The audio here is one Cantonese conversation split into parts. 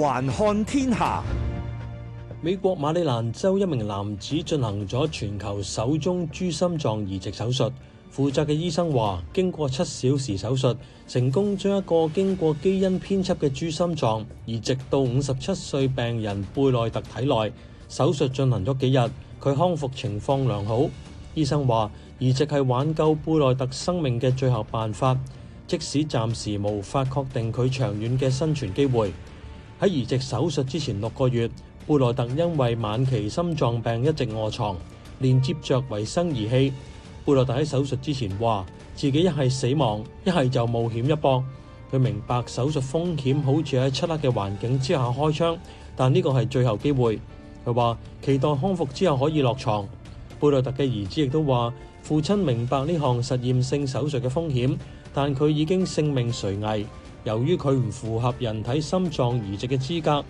環看天下，美國馬里蘭州一名男子進行咗全球首宗豬心臟移植手術。負責嘅醫生話，經過七小時手術，成功將一個經過基因編輯嘅豬心臟移植到五十七歲病人貝內特體內。手術進行咗幾日，佢康復情況良好。醫生話，移植係挽救貝內特生命嘅最後辦法，即使暫時無法確定佢長遠嘅生存機會。喺移植手術之前六個月，貝洛特因為晚期心臟病一直卧床，連接着維生儀器。貝洛特喺手術之前話：自己一係死亡，一係就冒險一搏。佢明白手術風險好似喺漆黑嘅環境之下開槍，但呢個係最後機會。佢話：期待康復之後可以落床。貝洛特嘅兒子亦都話：父親明白呢項實驗性手術嘅風險，但佢已經性命垂危。由於佢唔符合人體心臟移植嘅資格，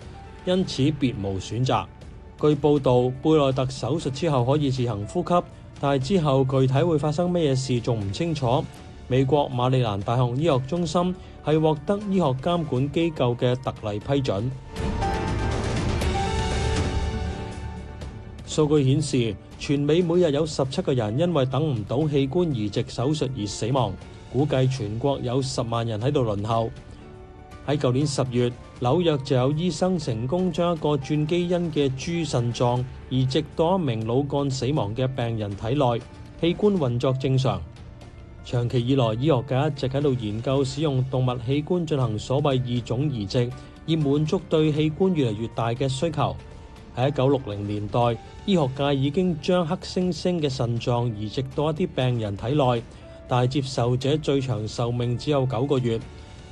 因此別無選擇。據報道，貝內特手術之後可以自行呼吸，但係之後具體會發生咩嘢事仲唔清楚。美國馬里蘭大學醫學中心係獲得醫學監管機構嘅特例批准。 數據顯示，全美每日有十七個人因為等唔到器官移植手術而死亡。估計全國有十萬人喺度但係接受者最長壽命只有九個月。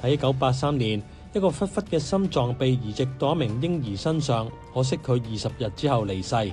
喺一九八三年，一個狒狒嘅心臟被移植到一名嬰兒身上，可惜佢二十日之後離世。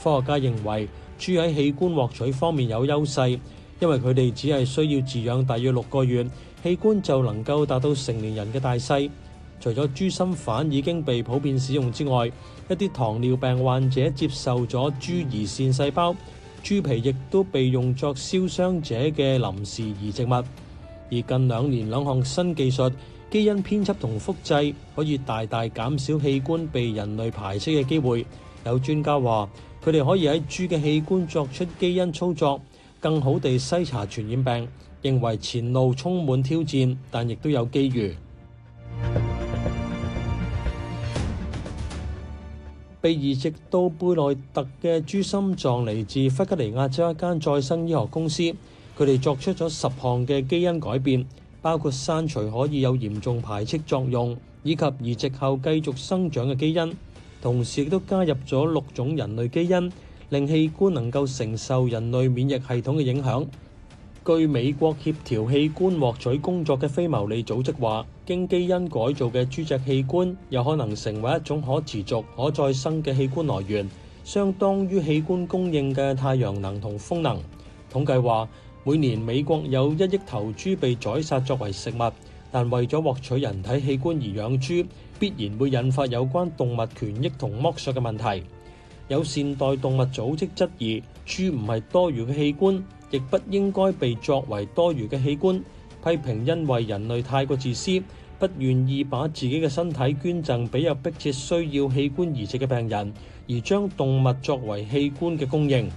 科學家認為豬喺器官獲取方面有優勢，因為佢哋只係需要飼養大約六個月，器官就能夠達到成年人嘅大細。除咗豬心瓣已經被普遍使用之外，一啲糖尿病患者接受咗豬胰腺細胞。豬皮亦都被用作燒傷者嘅臨時移植物，而近兩年兩項新技術，基因編輯同複製，可以大大減少器官被人類排斥嘅機會。有專家話，佢哋可以喺豬嘅器官作出基因操作，更好地篩查傳染病，認為前路充滿挑戰，但亦都有機遇。被移植到貝內特嘅豬心臟嚟自弗吉尼亞州一間再生醫學公司，佢哋作出咗十項嘅基因改變，包括刪除可以有嚴重排斥作用以及移植後繼續生長嘅基因，同時亦都加入咗六種人類基因，令器官能夠承受人類免疫系統嘅影響。據美國協調器官獲取工作嘅非牟利組織話，經基因改造嘅豬隻器官，有可能成為一種可持續、可再生嘅器官來源，相當於器官供應嘅太陽能同風能。統計話，每年美國有一億頭豬被宰殺作為食物，但為咗獲取人體器官而養豬，必然會引發有關動物權益同剝削嘅問題。有善待動物組織質疑，豬唔係多餘嘅器官，亦不應該被作為多餘嘅器官，批評因為人類太過自私。不願意把自己嘅身體捐贈俾有迫切需要器官移植嘅病人，而將動物作為器官嘅供應。